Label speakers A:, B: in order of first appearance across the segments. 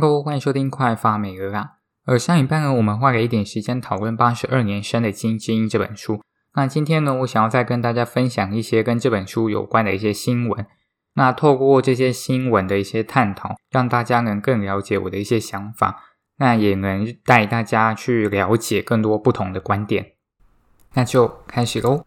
A: 各位，歡迎收聽《快發美俄》啊！呃，上一半呢，我們花了一點時間討論八十二年生的《金智英》這本書。那今天呢，我想要再跟大家分享一些跟這本書有關的一些新聞。那透過這些新聞的一些探討，讓大家能更了解我的一些想法，那也能帶大家去了解更多不同的觀點。那就開始嘍！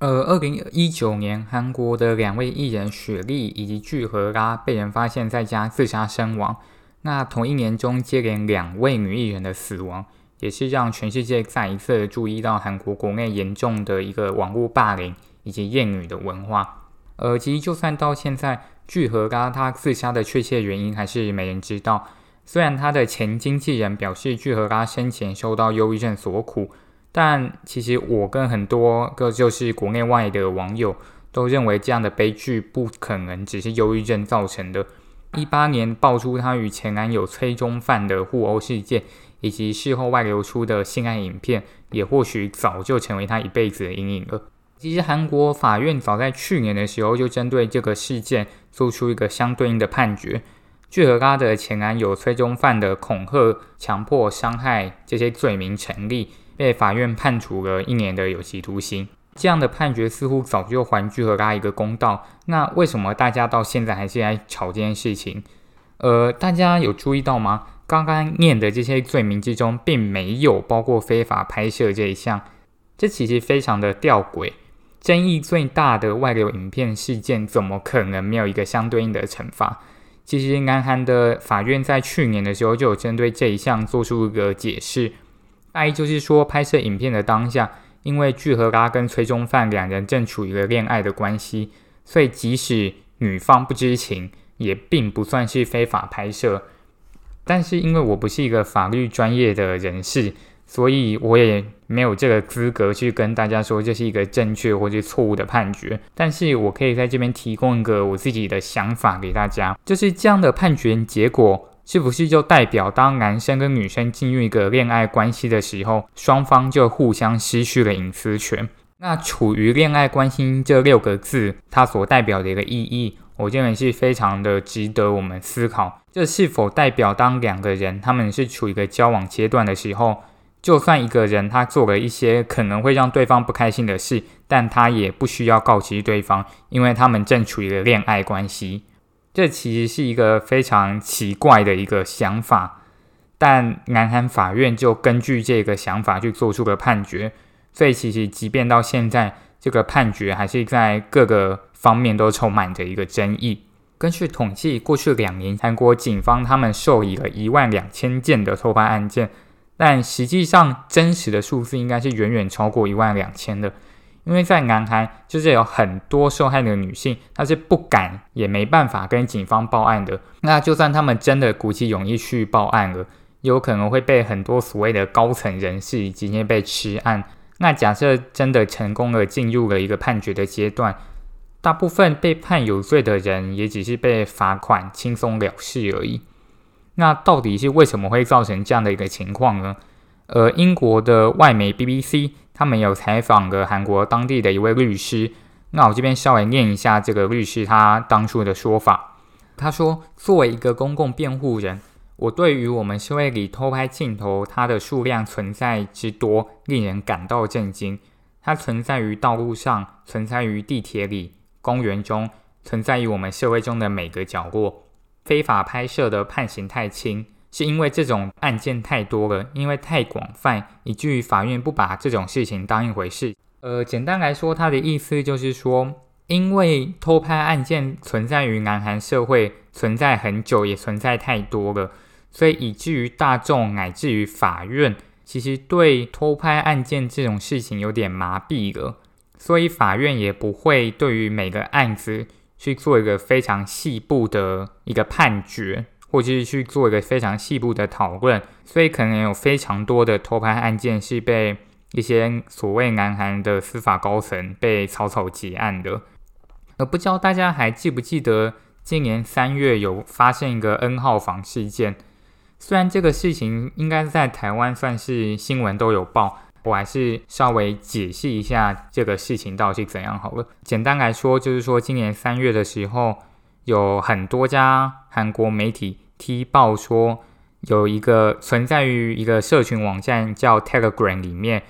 A: 呃，二零一九年，韓國的兩位藝人雪莉以及具荷拉被人發現在家自殺身亡。那同一年中接連兩位女藝人的死亡，也是讓全世界再一次注意到韓國國內嚴重的一個網路霸凌以及厭女的文化。而、呃、其實，就算到現在，具荷拉她自殺的確切原因還是沒人知道。雖然她的前經紀人表示，具荷拉生前受到憂鬱症所苦。但其實我跟很多個就是國內外的網友都認為，這樣的悲劇不可能只是憂鬱症造成的。一八年爆出她與前男友崔鍾範的互毆事件，以及事後外流出的性愛影片，也或許早就成為她一輩子的陰影了。其實韓國法院早在去年的時候就針對這個事件做出一個相對應的判決，具荷拉的前男友崔鍾範的恐嚇、強迫、傷害這些罪名成立。被法院判處了一年的有期徒刑，這樣的判決似乎早就還給了大家一個公道。那為什麼大家到現在還是在吵這件事情？呃，大家有注意到嗎？剛剛念的這些罪名之中，並沒有包括非法拍攝這一項，這其實非常的吊詭。爭議最大的外流影片事件，怎麼可能沒有一個相對應的懲罰？其實，南韓的法院在去年的時候就有針對這一項做出一個解釋。大意就是說，拍攝影片的當下，因為具荷拉跟崔鍾範兩人正處於了戀愛的關係，所以即使女方不知情，也並不算是非法拍攝。但是因為我不是一個法律專業的人士，所以我也沒有這個資格去跟大家說這是一個正確或是錯誤的判決。但是我可以在這邊提供一個我自己的想法給大家，就是這樣的判決結果，是不是就代表，當男生跟女生進入一個戀愛關係的時候，雙方就互相失去了隱私權？那處於戀愛關係這六個字，它所代表的一個意義，我認為是非常的值得我們思考。這是否代表，當兩個人他們是處於一個交往階段的時候，就算一個人他做了一些可能會讓對方不開心的事，但他也不需要告知對方，因為他們正處於了戀愛關係。這其實是一個非常奇怪的一個想法，但南韓法院就根據這個想法去做出了判決。所以，其實即便到現在，這個判決還是在各個方面都充滿着一個爭議。根據統計，過去兩年韓國警方他們受理了一萬兩千件的偷拍案件，但實際上真實的數字應該是遠遠超過一萬兩千的。因為在南韓，就是有很多受害的女性，她是不敢也沒辦法跟警方報案的。那就算他們真的鼓起勇氣去報案了，有可能會被很多所謂的高層人士直接被吃案。那假設真的成功了進入了一個判決的階段，大部分被判有罪的人也只是被罰款，輕鬆了事而已。那到底是為什麼會造成這樣的一個情況呢？呃，英國的外媒 BBC。他沒有採訪過韓國當地的一位律師，那我這邊稍微念一下這個律師他當初的說法。他說：“作為一個公共辯護人，我對於我們社會裡偷拍鏡頭它的數量存在之多，令人感到震驚。它存在於道路上，存在於地鐵裡、公園中，存在於我們社會中的每個角落。非法拍攝的判刑太輕。”是因為這種案件太多了，因為太廣泛，以至於法院不把這種事情當一回事。呃，簡單來說，他的意思就是說，因為偷拍案件存在於南韓社會，存在很久，也存在太多了，所以以至於大眾乃至於法院，其實對偷拍案件這種事情有點麻痹了，所以法院也不會對於每個案子去做一個非常細部的一個判決。或者是去做一個非常細部的討論，所以可能有非常多的偷拍案件是被一些所謂南韓的司法高層被草草結案的。那不知道大家還記不記得，今年三月有發現一個 N 號房事件。雖然這個事情應該在台灣算是新聞都有報，我還是稍微解析一下這個事情到底是怎樣好了。簡單來說，就是說今年三月的時候。有很多家韓國媒體踢爆說，有一個存在於一個社群網站叫 Telegram 裡面，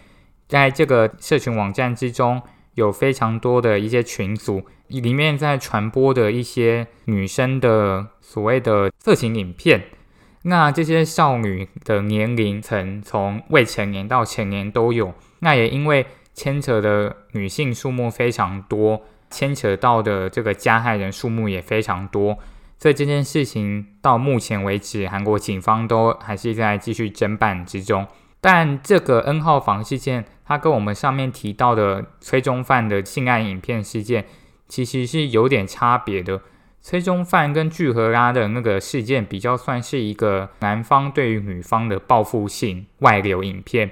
A: 在這個社群網站之中，有非常多的一些群組，裡面在傳播的一些女生的所謂的色情影片。那這些少女的年齡層從未成年到成年都有。那也因為牽扯的女性數目非常多。牽扯到的這個加害人數目也非常多，所以這件事情到目前為止，韓國警方都還是在繼續偵辦之中。但這個 N 號房事件，它跟我們上面提到的崔鍾範的性愛影片事件，其實是有點差別的。崔鍾範跟具荷拉的那個事件比較算是一個男方對於女方的報復性外流影片，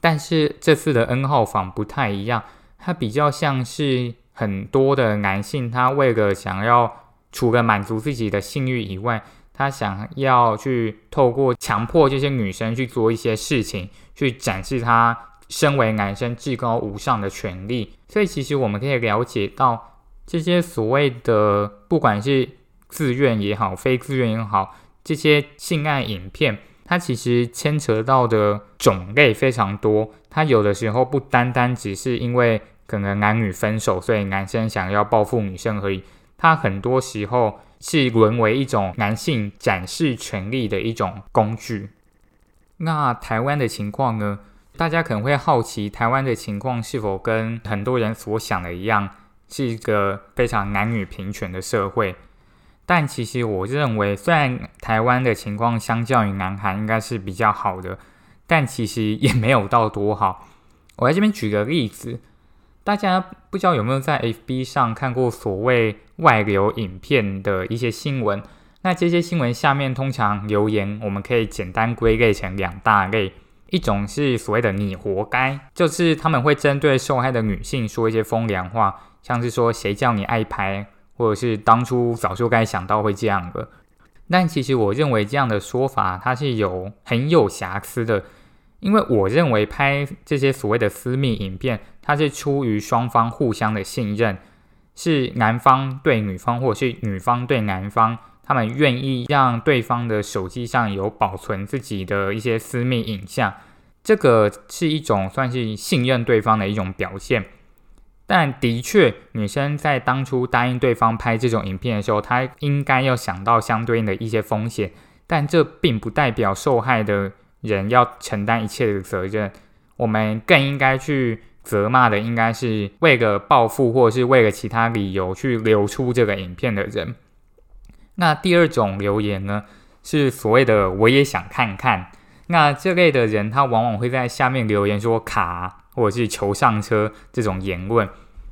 A: 但是這次的 N 號房不太一樣，它比較像是。很多的男性，他為了想要除了滿足自己的性慾以外，他想要去透過強迫這些女生去做一些事情，去展示他身為男生至高無上的權利。所以，其實我們可以了解到，這些所謂的不管是自願也好，非自願也好，這些性愛影片，它其實牽扯到的種類非常多。它有的時候不單單只是因為。可能男女分手，所以男生想要報復女生而已，所以他很多時候是淪為一種男性展示權力的一種工具。那台灣的情況呢？大家可能會好奇，台灣的情況是否跟很多人所想的一樣，是一個非常男女平權的社會？但其實我認為，雖然台灣的情況相較於南韓應該是比較好的，但其實也沒有到多好。我在這邊舉個例子。大家不知道有沒有在 FB 上看過所謂外流影片的一些新聞？那這些新聞下面通常留言，我們可以簡單歸類成兩大類，一種是所謂的“你活該”，就是他們會針對受害的女性說一些風涼話，像是說“誰叫你愛拍”或者是“當初早就該想到會這樣”的。但其實我認為這樣的說法，它是有很有瑕疵的。因為我認為拍這些所謂的私密影片，它是出於雙方互相的信任，是男方對女方，或是女方對男方，他們願意讓對方的手機上有保存自己的一些私密影像，這個是一種算是信任對方的一種表現。但的確，女生在當初答應對方拍這種影片的時候，她應該要想到相對應的一些風險，但這並不代表受害的。人要承擔一切的責任，我們更應該去責罵的，應該是為了報復，或者是為了其他理由去流出這個影片的人。那第二種留言呢，是所謂的“我也想看看”。那這類的人，他往往會在下面留言說“卡”或者是“求上車”這種言論。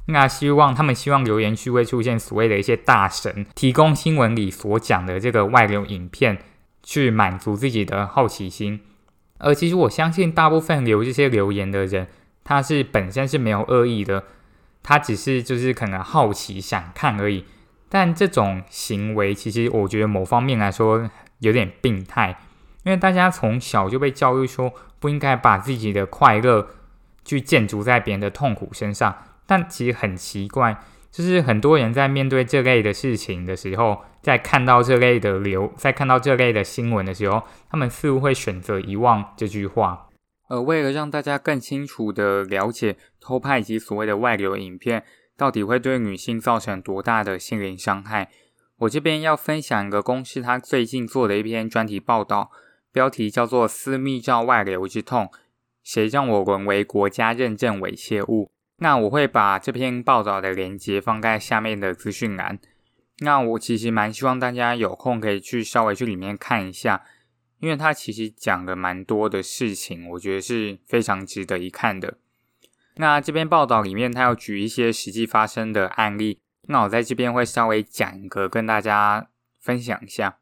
A: 那希望他們希望留言區會出現所謂的一些大神，提供新聞裡所講的這個外流影片，去滿足自己的好奇心。而其實我相信，大部分留這些留言的人，他是本身是沒有惡意的，他只是就是可能好奇想看而已。但這種行為，其實我覺得某方面來說有點病態，因為大家從小就被教育說不應該把自己的快樂去建築在別人的痛苦身上。但其實很奇怪。就是很多人在面對這類的事情的時候，在看到這類的流，在看到這類的新聞的時候，他們似乎會選擇遺忘這句話。而、呃、為了讓大家更清楚地了解偷拍以及所謂的外流影片到底會對女性造成多大的心靈傷害，我這邊要分享一個公司他最近做的一篇專題報道，標題叫做《私密照外流之痛：誰讓我淪為國家認證猥褻物》。那我會把這篇報道的連結放在下面的資訊欄。那我其實蠻希望大家有空可以去稍微去裡面看一下，因為它其實講了蠻多的事情，我覺得是非常值得一看的。那這篇報道裡面，他有舉一些實際發生的案例。那我在這邊會稍微講一個跟大家分享一下。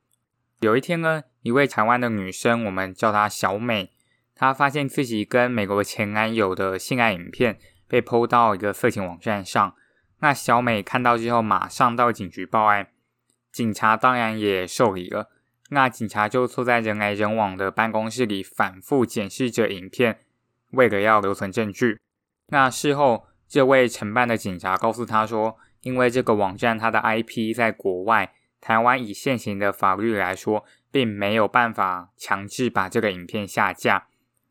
A: 有一天呢，一位台灣的女生，我們叫她小美，她發現自己跟美國前男友的性愛影片，被 po 到一個色情網站上，那小美看到之後，馬上到警局報案，警察當然也受理了。那警察就坐在人來人往的辦公室裡，反覆檢視着影片，為了要留存證據。那事後，這位承辦的警察告訴他說，因為這個網站它的 IP 在國外，台灣以現行的法律來說，並沒有辦法強制把這個影片下架，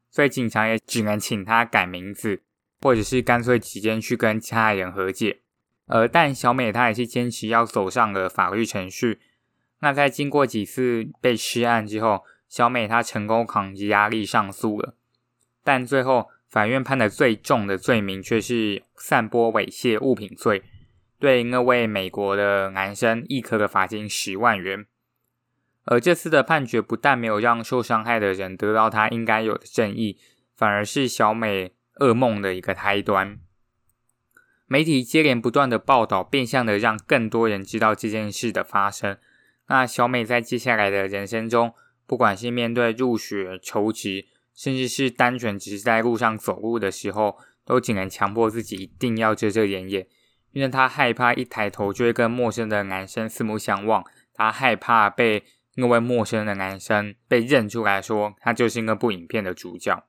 A: 所以警察也只能請他改名字。或者是乾脆直接去跟其他人和解，而但小美她也是堅持要走上了法律程序。那在經過幾次被吃案之後，小美她成功扛起壓力上訴了。但最後法院判的最重的罪名卻是散播猥褻物品罪，對那位美國的男生，一科的罰金十萬元。而這次的判決不但沒有讓受傷害的人得到他應該有的正義，反而是小美。噩夢的一個開端。媒體接連不斷的報道，變相的讓更多人知道這件事的發生。那小美在接下來的人生中，不管是面對入學、求職，甚至是單純只是在路上走路的時候，都只能強迫自己一定要遮遮掩掩，因為她害怕一抬頭就會跟陌生的男生四目相望，她害怕被那位陌生的男生被認出來說，說他就是那部影片的主角。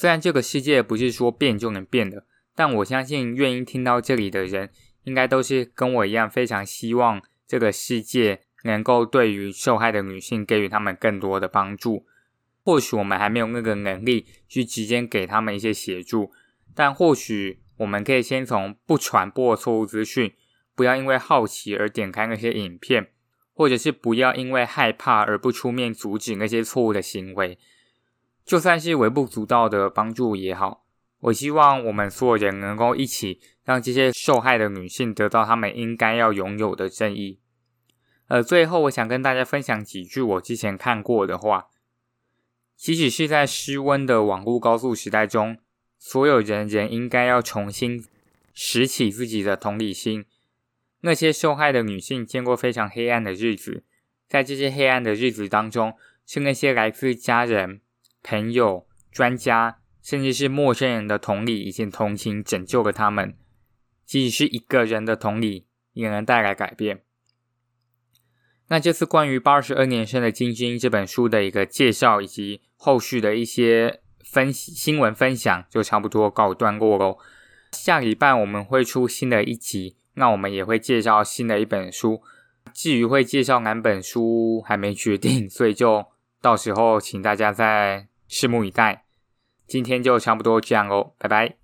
A: 雖然這個世界不是說變就能變的，但我相信願意聽到這裡的人，應該都是跟我一樣非常希望這個世界能夠對於受害的女性給予她們更多的幫助。或許我們還沒有那個能力去直接給她們一些協助，但或許我們可以先從不傳播錯誤資訊，不要因為好奇而點開那些影片，或者是不要因為害怕而不出面阻止那些錯誤的行為。就算是微不足道的幫助也好，我希望我們所有人能夠一起讓這些受害的女性得到她們應該要擁有的正義。呃，最後我想跟大家分享幾句我之前看過的話：即使是在失溫的網路高速時代中，所有人仍應該要重新拾起自己的同理心。那些受害的女性見過非常黑暗的日子，在這些黑暗的日子當中，是那些來自家人。朋友、專家，甚至是陌生人的同理以及同情，拯救了他們。即使是一個人的同理，也能帶來改變。那這次關於八十二年生的金智英這本書的一個介紹，以及後續的一些分新聞分享，就差不多告一段落嘍。下禮拜我們會出新的一集，那我們也會介紹新的一本書。至於會介紹哪本書，還沒決定，所以就到時候請大家再。拭目以待，今天就差不多這樣哦，拜拜。